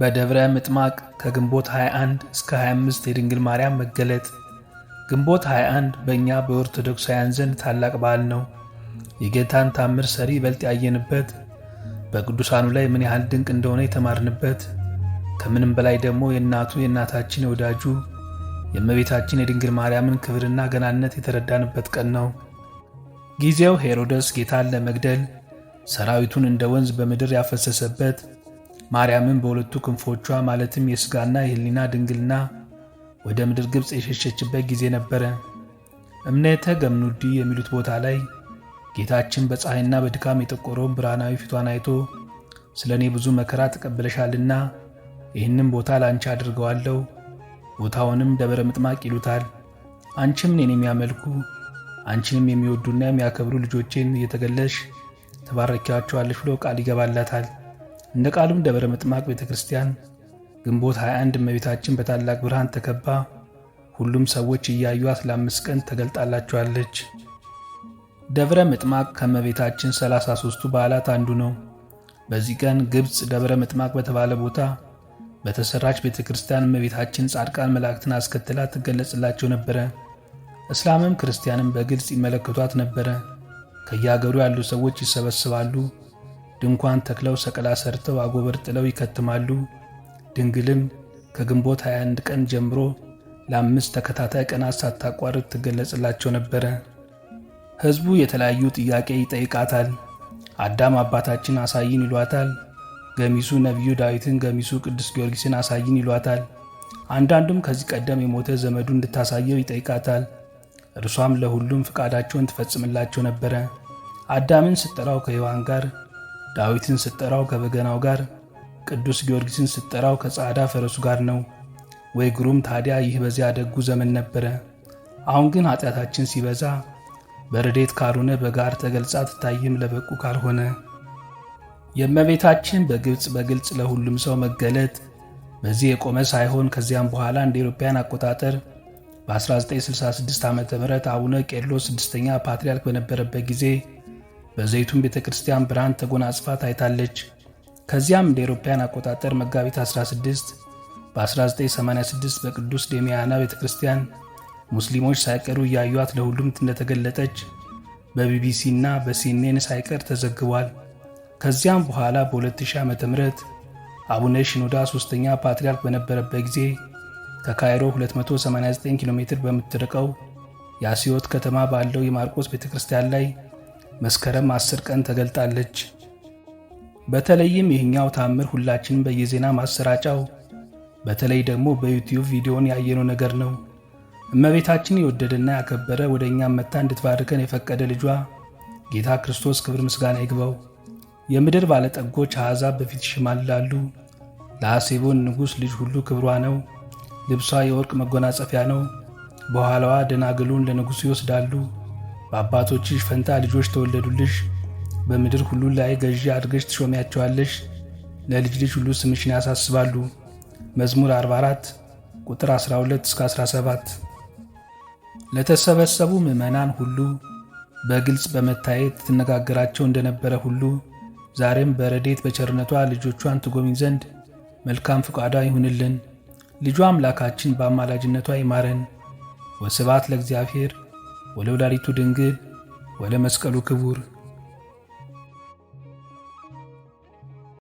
በደብረ ምጥማቅ ከግንቦት 21 እስከ 25 የድንግል ማርያም መገለጥ። ግንቦት 21 በእኛ በኦርቶዶክሳውያን ዘንድ ታላቅ በዓል ነው። የጌታን ታምር ሰሪ ይበልጥ ያየንበት፣ በቅዱሳኑ ላይ ምን ያህል ድንቅ እንደሆነ የተማርንበት፣ ከምንም በላይ ደግሞ የእናቱ የእናታችን የወዳጁ የእመቤታችን የድንግል ማርያምን ክብርና ገናነት የተረዳንበት ቀን ነው። ጊዜው ሄሮደስ ጌታን ለመግደል ሰራዊቱን እንደ ወንዝ በምድር ያፈሰሰበት ማርያምን በሁለቱ ክንፎቿ ማለትም የሥጋና የህሊና ድንግልና ወደ ምድር ግብፅ የሸሸችበት ጊዜ ነበረ። እምነተ ገምኑዲ የሚሉት ቦታ ላይ ጌታችን በፀሐይና በድካም የጠቆረውን ብርሃናዊ ፊቷን አይቶ ስለ እኔ ብዙ መከራ ተቀብለሻልና ይህንም ቦታ ለአንቺ አድርገዋለሁ፣ ቦታውንም ደብረ ምጥማቅ ይሉታል። አንቺም እኔን የሚያመልኩ አንቺንም የሚወዱና የሚያከብሩ ልጆቼን እየተገለሽ ተባረኪያቸዋለሽ ብሎ ቃል ይገባላታል። እንደ ቃሉም ደብረ ምጥማቅ ቤተ ክርስቲያን ግንቦት 21 እመቤታችን በታላቅ ብርሃን ተከባ ሁሉም ሰዎች እያዩት ለአምስት ቀን ተገልጣላቸዋለች። ደብረ ምጥማቅ ከእመቤታችን 33ቱ በዓላት አንዱ ነው። በዚህ ቀን ግብፅ ደብረ ምጥማቅ በተባለ ቦታ በተሰራች ቤተ ክርስቲያን እመቤታችን ጻድቃን መላእክትን አስከትላ ትገለጽላቸው ነበረ። እስላምም ክርስቲያንም በግልጽ ይመለከቷት ነበረ። ከየአገሩ ያሉ ሰዎች ይሰበስባሉ። ድንኳን ተክለው ሰቀላ ሰርተው አጎበር ጥለው ይከትማሉ። ድንግልም ከግንቦት 21 ቀን ጀምሮ ለአምስት ተከታታይ ቀናት ሳታቋርጥ ትገለጽላቸው ነበረ። ሕዝቡ የተለያዩ ጥያቄ ይጠይቃታል። አዳም አባታችን አሳይን ይሏታል። ገሚሱ ነቢዩ ዳዊትን፣ ገሚሱ ቅዱስ ጊዮርጊስን አሳይን ይሏታል። አንዳንዱም ከዚህ ቀደም የሞተ ዘመዱ እንድታሳየው ይጠይቃታል። እርሷም ለሁሉም ፈቃዳቸውን ትፈጽምላቸው ነበረ። አዳምን ስጠራው ከሔዋን ጋር ዳዊትን ስጠራው ከበገናው ጋር፣ ቅዱስ ጊዮርጊስን ስጠራው ከጻዕዳ ፈረሱ ጋር ነው። ወይ ግሩም! ታዲያ ይህ በዚያ ደጉ ዘመን ነበረ። አሁን ግን ኃጢአታችን ሲበዛ በረዴት ካልሆነ በጋር ተገልጻ ትታይም ለበቁ ካልሆነ የእመቤታችን በግብፅ በግልጽ ለሁሉም ሰው መገለጥ በዚህ የቆመ ሳይሆን ከዚያም በኋላ እንደ ኢሮፓያን አቆጣጠር በ1966 ዓ ም አቡነ ቄርሎስ ስድስተኛ ፓትርያርክ በነበረበት ጊዜ በዘይቱን ቤተ ክርስቲያን ብርሃን ተጎናጽፋ ታይታለች። ከዚያም እንደ ኤሮፓያን አቆጣጠር መጋቢት 16 በ1986 በቅዱስ ዴሚያና ቤተ ክርስቲያን ሙስሊሞች ሳይቀሩ እያዩት ለሁሉም እንደተገለጠች በቢቢሲ እና በሲኔን ሳይቀር ተዘግቧል። ከዚያም በኋላ በ2000 ዓ ም አቡነ ሽኖዳ ሦስተኛ ፓትርያርክ በነበረበት ጊዜ ከካይሮ 289 ኪሎ ሜትር በምትርቀው የአስዮት ከተማ ባለው የማርቆስ ቤተ ክርስቲያን ላይ መስከረም አስር ቀን ተገልጣለች። በተለይም ይህኛው ታምር ሁላችንም በየዜና ማሰራጫው በተለይ ደግሞ በዩቲዩብ ቪዲዮን ያየነው ነገር ነው። እመቤታችን የወደደና ያከበረ ወደ እኛም መታ እንድትባርከን የፈቀደ ልጇ ጌታ ክርስቶስ ክብር ምስጋና ይግባው። የምድር ባለጠጎች አሕዛብ በፊት ይሽማላሉ። ለሐሴቦን ንጉሥ ልጅ ሁሉ ክብሯ ነው። ልብሷ የወርቅ መጎናጸፊያ ነው። በኋላዋ ደናግሉን ለንጉሡ ይወስዳሉ። በአባቶችሽ ፈንታ ልጆች ተወለዱልሽ። በምድር ሁሉ ላይ ገዢ አድርገሽ ትሾሚያቸዋለሽ። ለልጅ ልጅ ሁሉ ስምሽን ያሳስባሉ። መዝሙር 44 ቁጥር 12 እስከ 17። ለተሰበሰቡ ምዕመናን ሁሉ በግልጽ በመታየት ትነጋገራቸው እንደነበረ ሁሉ ዛሬም በረዴት በቸርነቷ ልጆቿን ትጎብኝ ዘንድ መልካም ፍቃዷ ይሁንልን። ልጇ አምላካችን በአማላጅነቷ ይማረን። ወስብሐት ለእግዚአብሔር ወለወላዲቱ ድንግል ወለመስቀሉ ክቡር